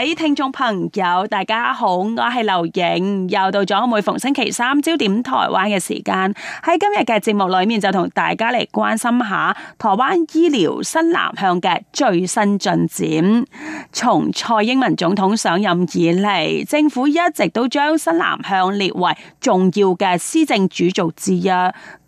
位聽眾朋友，大家好，我係劉穎，又到咗每逢星期三焦點台灣嘅時間。喺今日嘅節目裏面，就同大家嚟關心下台灣醫療新南向嘅最新進展。從蔡英文總統上任以嚟，政府一直都將新南向列為重要嘅施政主軸之一。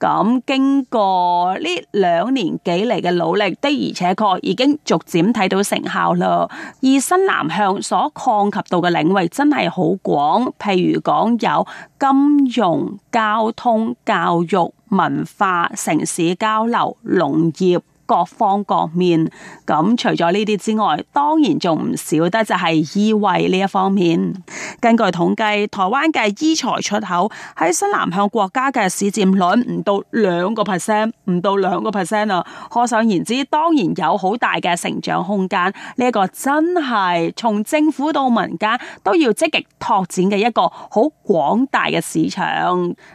咁經過呢兩年幾嚟嘅努力，的而且確已經逐漸睇到成效啦。而新南向所擴及到嘅領域真係好廣，譬如講有金融、交通、教育、文化、城市交流、農業。各方各面咁，除咗呢啲之外，當然仲唔少得就係醫衛呢一方面。根據統計，台灣嘅醫材出口喺新南向國家嘅市佔率唔到兩個 percent，唔到兩個 percent 啊。可想而知，當然有好大嘅成長空間。呢一個真係從政府到民間都要積極拓展嘅一個好廣大嘅市場，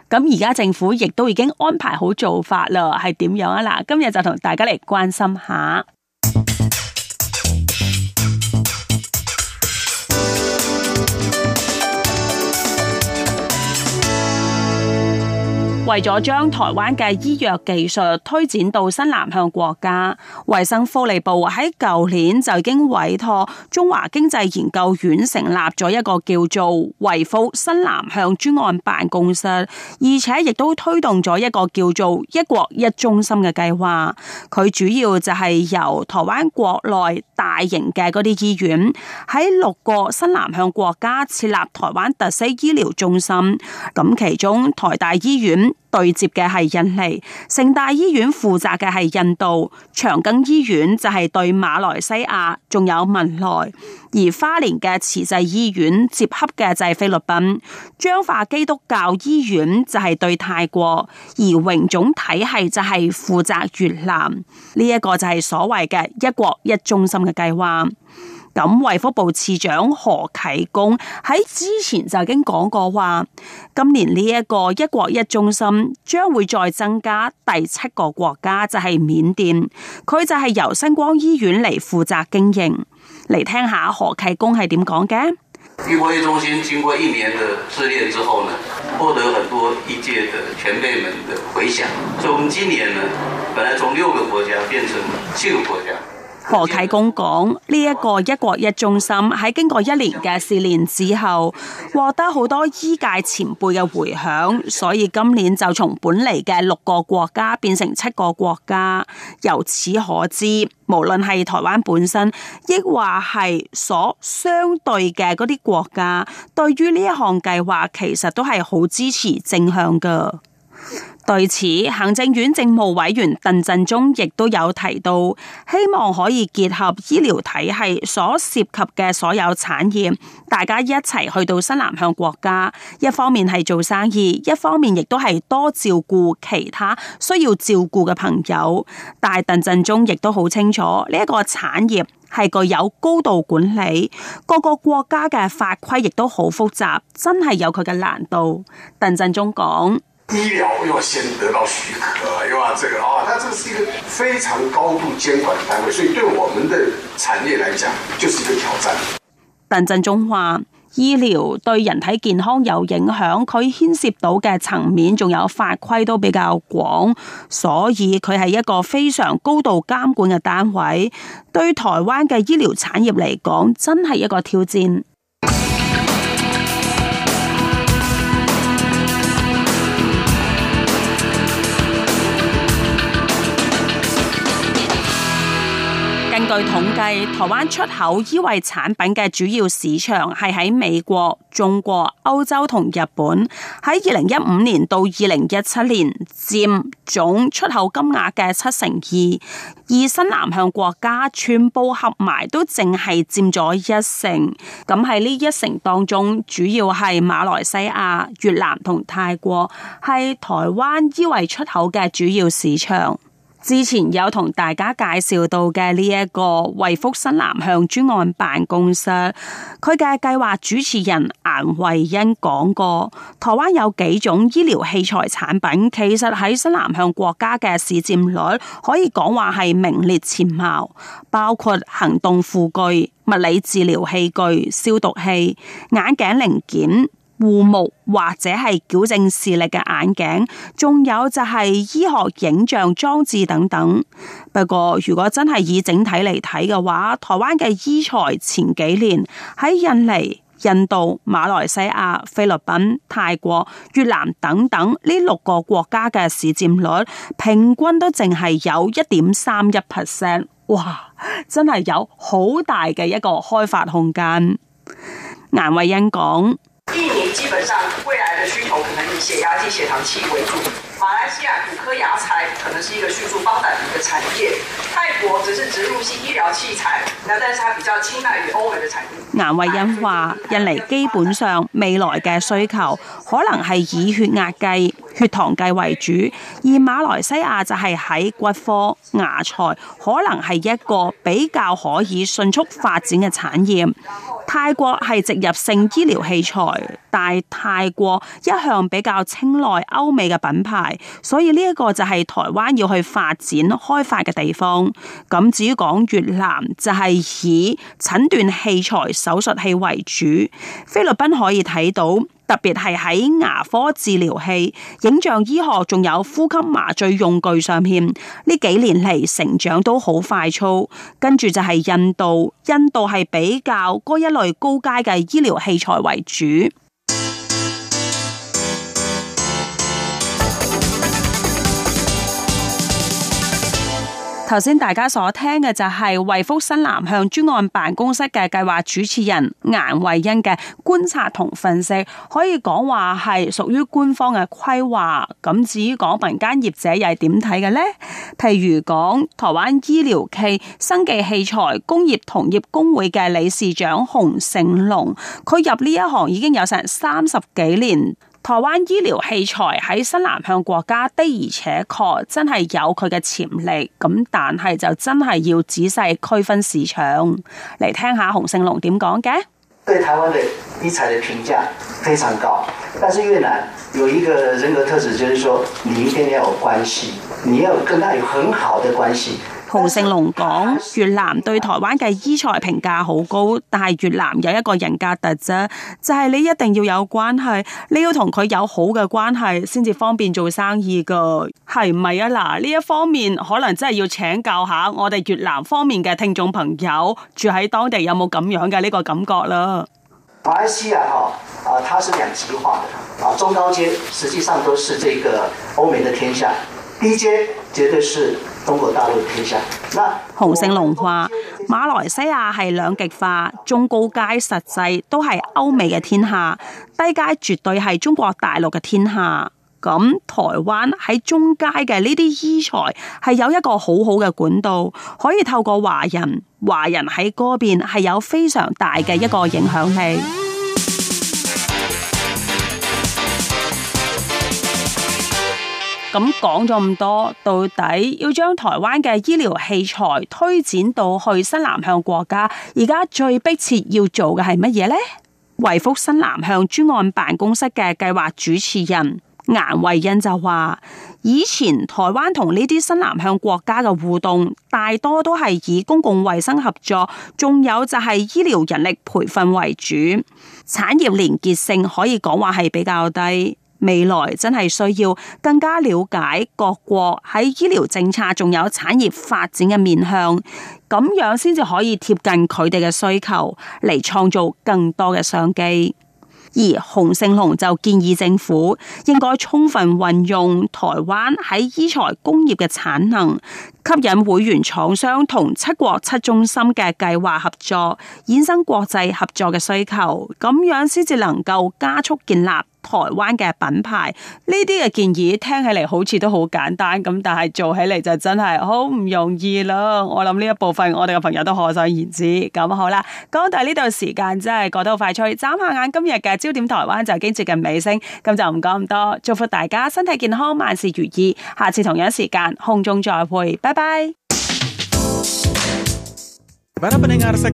咁而家政府亦都已經安排好做法啦，係點樣啊？嗱，今日就同大家嚟關心下。為咗將台灣嘅醫藥技術推展到新南向國家，衛生福利部喺舊年就已經委託中華經濟研究院成立咗一個叫做衛福新南向專案辦公室，而且亦都推動咗一個叫做一國一中心嘅計劃。佢主要就係由台灣國內大型嘅嗰啲醫院喺六個新南向國家設立台灣特色醫療中心，咁其中台大醫院。對接嘅係印尼，成大醫院負責嘅係印度，長庚醫院就係對馬來西亞，仲有文萊，而花蓮嘅慈濟醫院接洽嘅就係菲律賓，彰化基督教醫院就係對泰國，而榮總體系就係負責越南，呢、這、一個就係所謂嘅一國一中心嘅計劃。咁，衛福部次長何啟功喺之前就已經講過話，今年呢一個一國一中心將會再增加第七個國家，就係、是、緬甸，佢就係由新光醫院嚟負責經營。嚟聽下何啟功係點講嘅？一國一中心經過一年嘅試煉之後呢，獲得很多業界的前輩們的回響，所以我哋今年呢，本來從六個國家變成七個國家。何啟功講呢一個一國一中心喺經過一年嘅試煉之後，獲得好多醫界前輩嘅回響，所以今年就從本嚟嘅六個國家變成七個國家。由此可知，無論係台灣本身，亦或係所相對嘅嗰啲國家，對於呢一項計劃，其實都係好支持正向嘅。對此，行政院政務委員鄧振中亦都有提到，希望可以結合醫療體系所涉及嘅所有產業，大家一齊去到新南向國家，一方面係做生意，一方面亦都係多照顧其他需要照顧嘅朋友。但係鄧振中亦都好清楚，呢一個產業係具有高度管理，各個國家嘅法規亦都好複雜，真係有佢嘅難度。鄧振中講。醫療要先得到許可，因為這個啊，它這個是一個非常高度監管的單位，所以對我們的產業來講就是一個挑戰。鄧振中話：醫療對人體健康有影響，佢牽涉到嘅層面仲有法規都比較廣，所以佢係一個非常高度監管嘅單位，對台灣嘅醫療產業嚟講，真係一個挑戰。據統計，台灣出口醫衛產品嘅主要市場係喺美國、中國、歐洲同日本。喺二零一五年到二零一七年，占總出口金額嘅七成二。而新南向國家全部合埋都淨係佔咗一成。咁喺呢一成當中，主要係馬來西亞、越南同泰國，係台灣醫衛出口嘅主要市場。之前有同大家介紹到嘅呢一個衛福新南向專案辦公室，佢嘅計劃主持人顏慧欣講過，台灣有幾種醫療器材產品，其實喺新南向國家嘅市占率可以講話係名列前茅，包括行動輔具、物理治療器具、消毒器、眼鏡零件。護目或者係矯正視力嘅眼鏡，仲有就係醫學影像裝置等等。不過如果真係以整體嚟睇嘅話，台灣嘅醫材前幾年喺印尼、印度、馬來西亞、菲律賓、泰國、越南等等呢六個國家嘅市占率平均都淨係有一點三一 percent，哇！真係有好大嘅一個開發空間。顏慧欣講。印尼基本上未來的需求可能以血壓計、血糖器為主；馬來西亞骨科牙材可能是一個迅速發展的產業；泰國則是植入性醫療器材，那但是它比較青睞於歐美的產業。顏慧欣話：印尼基本上未來嘅需求可能係以血壓計。血糖計為主，而馬來西亞就係喺骨科牙材，可能係一個比較可以迅速發展嘅產業。泰國係植入性醫療器材，但泰國一向比較青睞歐美嘅品牌，所以呢一個就係台灣要去發展開發嘅地方。咁至於講越南就係、是、以診斷器材、手術器為主，菲律賓可以睇到。特別係喺牙科治療器、影像醫學，仲有呼吸麻醉用具上面，呢幾年嚟成長都好快速。跟住就係印度，印度係比較嗰一類高階嘅醫療器材為主。頭先大家所聽嘅就係衛福新南向專案辦公室嘅計劃主持人顏慧欣嘅觀察同分析，可以講話係屬於官方嘅規劃。咁至於講民間業者又係點睇嘅呢？譬如講台灣醫療暨生技器材工業同業公會嘅理事長洪盛隆，佢入呢一行已經有成三十幾年。台灣醫療器材喺新南向國家的而且確，真係有佢嘅潛力。咁但係就真係要仔細區分市場，嚟聽下洪勝龍點講嘅。對台灣嘅器材嘅評價非常高，但是越南有一個人格特質，就是說你一定要有關係，你要跟他有很好的關係。蒲勝龍講，越南對台灣嘅醫材評價好高，但係越南有一個人格特質，就係、是、你一定要有關係，你要同佢有好嘅關係，先至方便做生意噶。係唔係啊？嗱，呢一方面可能真係要請教下我哋越南方面嘅聽眾朋友，住喺當地有冇咁樣嘅呢個感覺啦？馬來西亞嗬，啊，它是兩極化的，嗱，中高階實際上都是這個歐美的天下，低階絕對是。洪勝龍話：馬來西亞係兩極化，中高階實際都係歐美嘅天下，低階絕對係中國大陸嘅天下。咁台灣喺中階嘅呢啲醫材係有一個好好嘅管道，可以透過華人，華人喺嗰邊係有非常大嘅一個影響力。咁講咗咁多，到底要將台灣嘅醫療器材推展到去新南向國家，而家最迫切要做嘅係乜嘢呢？衛福新南向專案辦公室嘅計劃主持人顏慧欣就話：以前台灣同呢啲新南向國家嘅互動，大多都係以公共衛生合作，仲有就係醫療人力培訓為主，產業連結性可以講話係比較低。未來真係需要更加了解各國喺醫療政策，仲有產業發展嘅面向，咁樣先至可以貼近佢哋嘅需求，嚟創造更多嘅商機。而洪勝龍就建議政府應該充分運用台灣喺醫材工業嘅產能，吸引會員廠商同一國一中心嘅計劃合作，衍生國際合作嘅需求，咁樣先至能夠加速建立。台灣嘅品牌。呢啲嘅建議聽起嚟好似都好簡單咁，但係做起嚟就真係好唔容易咯。我諗呢一部分我哋嘅朋友都可想而知。咁好啦，講到呢度時間真係過得好快脆，眨下眼今日嘅焦點台灣就已經接近尾聲。咁就唔講咁多，祝福大家身體健康，萬事如意。下次同樣時間空中再會，拜拜。